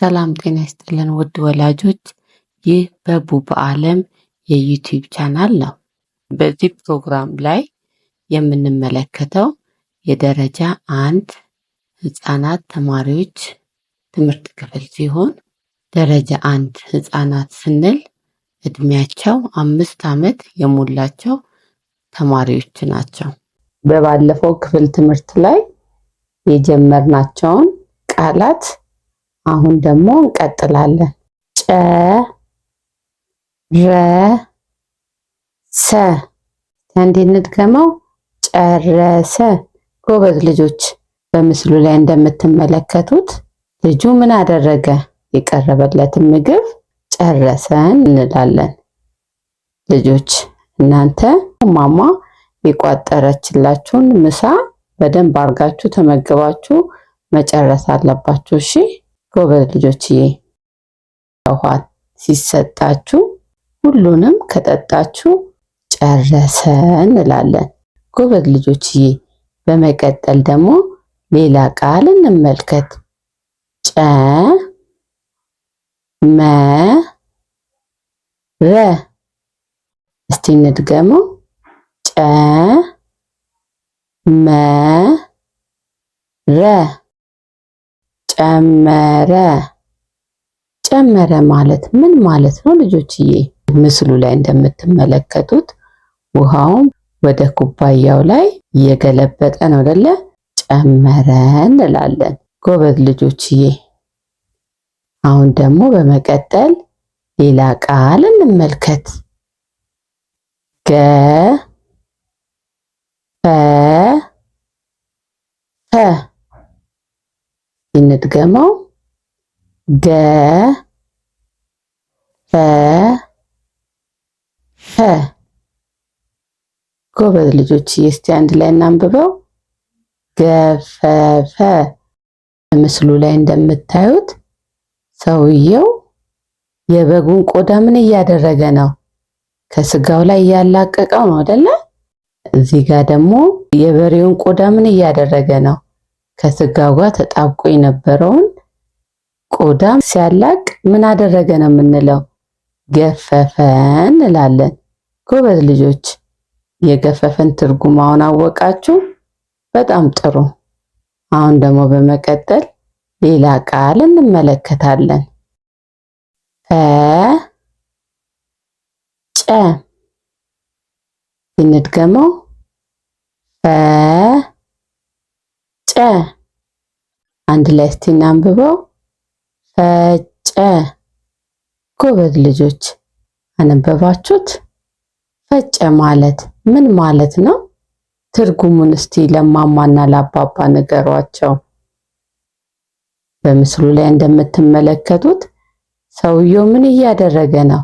ሰላም ጤና ይስጥልን ውድ ወላጆች፣ ይህ በቡ በአለም የዩቲዩብ ቻናል ነው። በዚህ ፕሮግራም ላይ የምንመለከተው የደረጃ አንድ ህጻናት ተማሪዎች ትምህርት ክፍል ሲሆን ደረጃ አንድ ህጻናት ስንል እድሜያቸው አምስት ዓመት የሞላቸው ተማሪዎች ናቸው። በባለፈው ክፍል ትምህርት ላይ የጀመርናቸውን ቃላት አሁን ደግሞ እንቀጥላለን። ሰ እንዲህ እንድገመው። ጨረሰ። ጎበዝ ልጆች፣ በምስሉ ላይ እንደምትመለከቱት ልጁ ምን አደረገ? የቀረበለትን ምግብ ጨረሰን እንላለን። ልጆች እናንተ ማማ የቋጠረችላችሁን ምሳ በደንብ አድርጋችሁ ተመግባችሁ መጨረስ አለባችሁ። እሺ። ጎበዝ ልጆችዬ፣ ውሃ ሲሰጣችሁ ሁሉንም ከጠጣችሁ ጨረሰ እንላለን። ጎበዝ ልጆችዬ፣ በመቀጠል ደግሞ ሌላ ቃል እንመልከት። ጨ መ ረ እስቲ እንድገመው። ጨ መ ረ ጨመረ ጨመረ ማለት ምን ማለት ነው ልጆችዬ? ምስሉ ላይ እንደምትመለከቱት ውሃውም ወደ ኩባያው ላይ እየገለበጠ ነው አይደለ? ጨመረ እንላለን። ጎበዝ ልጆችዬ። አሁን ደግሞ በመቀጠል ሌላ ቃል እንመልከት። ገ ፈ ፈ እንድገመው ገ ፈ ጎበዝ ልጆች፣ እስቲ አንድ ላይ እናንብበው። ገፈፈ። ምስሉ ላይ እንደምታዩት ሰውየው የበጉን ቆዳ ምን እያደረገ ነው? ከስጋው ላይ እያላቀቀው ነው አይደለ? እዚህ ጋር ደግሞ የበሬውን ቆዳ ምን እያደረገ ነው? ከስጋው ጋር ተጣብቆ የነበረውን ቆዳ ሲያላቅ ምን አደረገ ነው የምንለው? ገፈፈን እንላለን። ጎበዝ ልጆች የገፈፈን ትርጉማውን አወቃችሁ? በጣም ጥሩ። አሁን ደግሞ በመቀጠል ሌላ ቃል እንመለከታለን። ፈ ጨ ስንድገመው ፈጨ። አንድ ላይ እስቲ እናንብበው። ፈጨ። ጎበዝ ልጆች አነበባችሁት። ፈጨ ማለት ምን ማለት ነው? ትርጉሙን እስቲ ለማማና ለአባባ ንገሯቸው። በምስሉ ላይ እንደምትመለከቱት ሰውየው ምን እያደረገ ነው?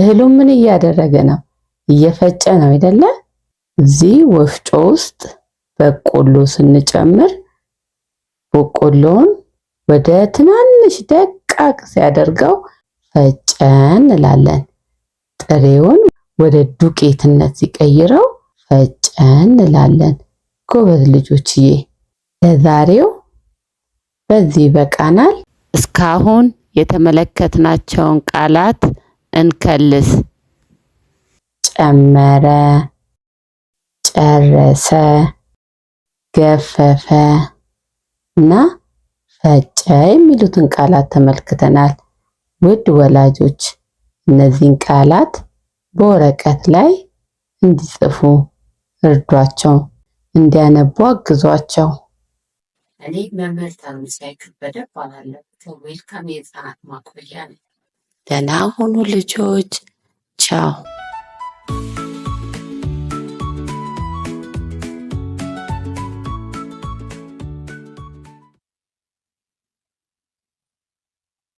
እህሉ ምን እያደረገ ነው? እየፈጨ ነው አይደለ? እዚህ ወፍጮ ውስጥ በቆሎ ስንጨምር ቦቆሎውን ወደ ትናንሽ ደቃቅ ሲያደርገው ፈጨን እንላለን። ጥሬውን ወደ ዱቄትነት ሲቀይረው ፈጨን እንላለን። ጎበዝ ልጆችዬ፣ ለዛሬው በዚህ ይበቃናል። እስካሁን የተመለከትናቸውን ቃላት እንከልስ። ጨመረ፣ ጨረሰ፣ ገፈፈ እና ፈጨ የሚሉትን ቃላት ተመልክተናል። ውድ ወላጆች እነዚህን ቃላት በወረቀት ላይ እንዲጽፉ እርዷቸው፣ እንዲያነቡ አግዟቸው። እኔ መምህርት ታምሳይ ከበደ እባላለሁ። ከዌልካም የህፃናት ማቆያ ነኝ። ደህና ሁኑ ልጆች። ቻው